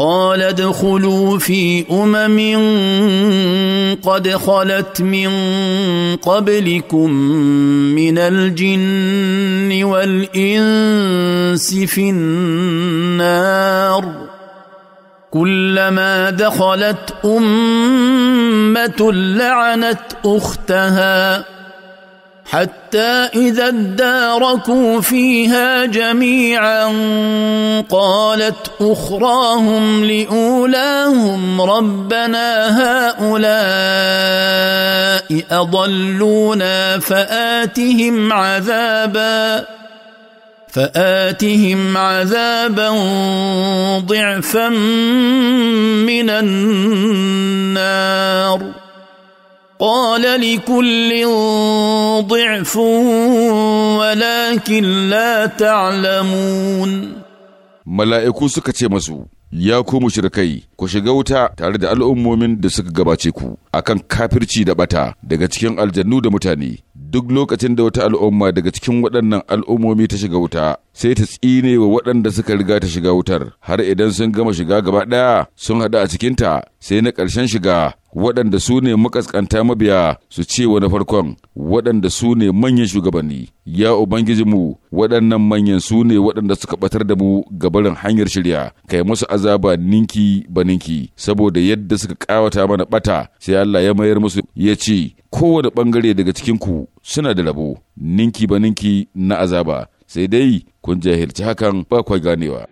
قال ادخلوا في امم قد خلت من قبلكم من الجن والانس في النار كلما دخلت امه لعنت اختها حتى اذا اداركوا فيها جميعا قالت اخراهم لاولاهم ربنا هؤلاء اضلونا فاتهم عذابا فاتهم عذابا ضعفا من النار قال لكل ضعف ولكن لا تعلمون mala'iku suka ce masu, Ya ku mushrikai, ku shiga wuta tare da al'ummomin da suka gabace ku, akan kafirci da bata daga cikin aljannu da mutane, duk lokacin da wata al'umma daga cikin waɗannan al'ummomi ta shiga wuta, sai ta tsine wa waɗanda suka riga ta shiga wutar, har idan sun gama shiga gaba ɗaya sun haɗu a cikinta, sai na ƙarshen shiga waɗanda su ne makaskanta mabiya su ce wa na farkon waɗanda su ne manyan shugabanni ya ubangijinmu waɗannan manyan su ne waɗanda suka ɓatar da mu gabarin hanyar shirya kai musu azaba ninki ba ninki saboda yadda suka ƙawata mana ɓata sai Allah ya mayar musu ya ce kowane ɓangare daga cikinku suna da rabo ninki ba ninki na azaba sai dai kun jahilci hakan ba kwa ganewa